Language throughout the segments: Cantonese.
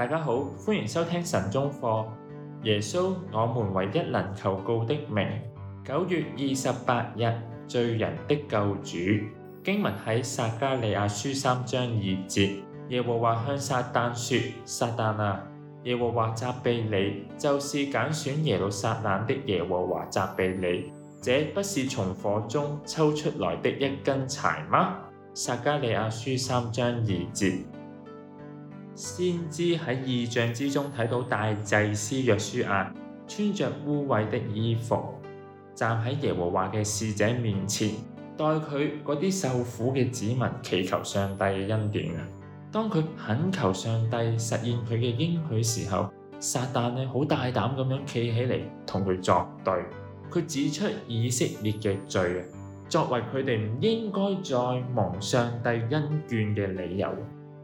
大家好，歡迎收聽晨鐘課。耶穌，我們唯一能求告的名。九月二十八日，罪人的救主。經文喺撒加利亞書三章二節，耶和華向撒旦說：撒旦啊，耶和華責備你，就是揀選耶路撒冷的耶和華責備你，這不是從火中抽出來的一根柴嗎？撒加利亞書三章二節。先知喺異象之中睇到大祭司約書亞穿着污穢的衣服，站喺耶和華嘅侍者面前，代佢嗰啲受苦嘅子民祈求上帝嘅恩典啊！當佢懇求上帝實現佢嘅應許時候，撒旦咧好大膽咁樣企起嚟同佢作對，佢指出以色列嘅罪，作為佢哋唔應該再蒙上帝恩眷嘅理由。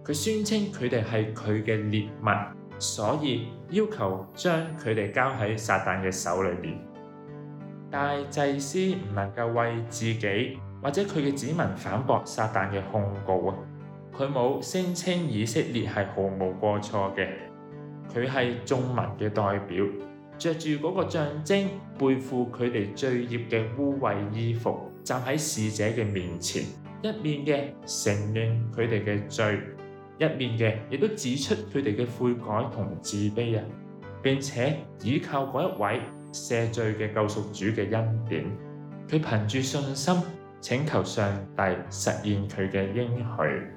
佢宣稱佢哋係佢嘅獵物，所以要求將佢哋交喺撒旦嘅手裏面。大祭司唔能夠為自己或者佢嘅子民反駁撒旦嘅控告啊！佢冇聲稱以色列係毫無過錯嘅，佢係眾民嘅代表，着住嗰個象徵背負佢哋罪孽嘅污穢衣服，站喺使者嘅面前，一面嘅承認佢哋嘅罪。一面嘅，亦都指出佢哋嘅悔改同自卑啊，並且倚靠嗰一位赦罪嘅救贖主嘅恩典，佢憑住信心請求上帝實現佢嘅應許。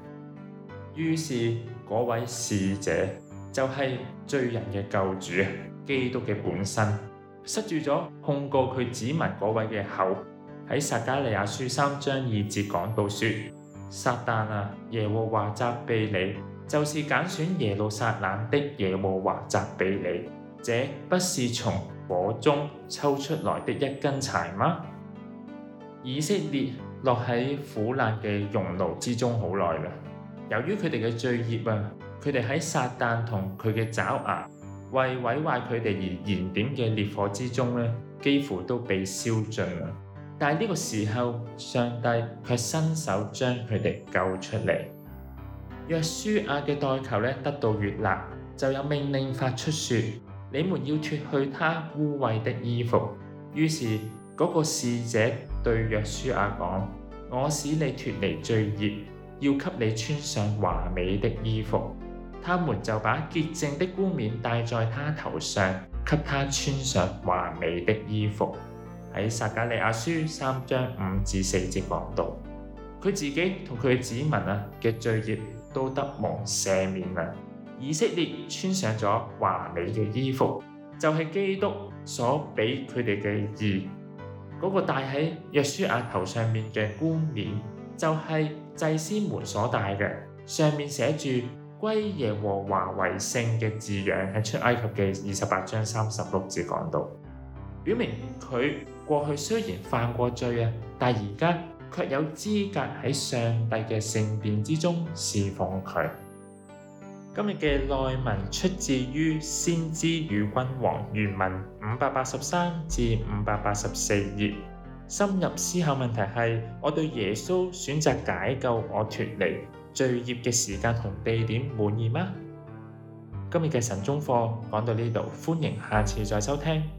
於是嗰位使者就係、是、罪人嘅救主，基督嘅本身，塞住咗控告佢子民嗰位嘅口，喺撒加利亞書三章二節講到說。撒旦啊，耶和華責備你，就是揀選耶路撒冷的耶和華責備你，這不是從火中抽出來的一根柴嗎？以色列落喺苦難嘅熔爐之中好耐啦，由於佢哋嘅罪孽啊，佢哋喺撒旦同佢嘅爪牙為毀壞佢哋而燃點嘅烈火之中呢，幾乎都被燒盡啦。但係呢個時候，上帝卻伸手將佢哋救出嚟。約書亞嘅代求得到悅納，就有命令發出，說：你們要脫去他污穢的衣服。於是嗰、那個使者對約書亞講：我使你脫離罪孽，要給你穿上華美的衣服。他們就把潔淨的冠冕戴在他頭上，給他穿上華美的衣服。喺撒迦利亞書三章五至四節講到，佢自己同佢嘅子民啊嘅罪孽都得蒙赦免啊！以色列穿上咗華麗嘅衣服，就係、是、基督所俾佢哋嘅義。嗰、那個戴喺約書亞額頭上面嘅冠冕，就係、是、祭司們所戴嘅，上面寫住歸耶和華為聖嘅字樣，喺出埃及記二十八章三十六節講到。表明佢過去雖然犯過罪啊，但而家卻有資格喺上帝嘅聖殿之中侍奉佢。今日嘅內文出自於《先知與君王》原文五百八十三至五百八十四頁。深入思考問題係：我對耶穌選擇解救我脫離罪孽嘅時間同地點滿意嗎？今日嘅神中課講到呢度，歡迎下次再收聽。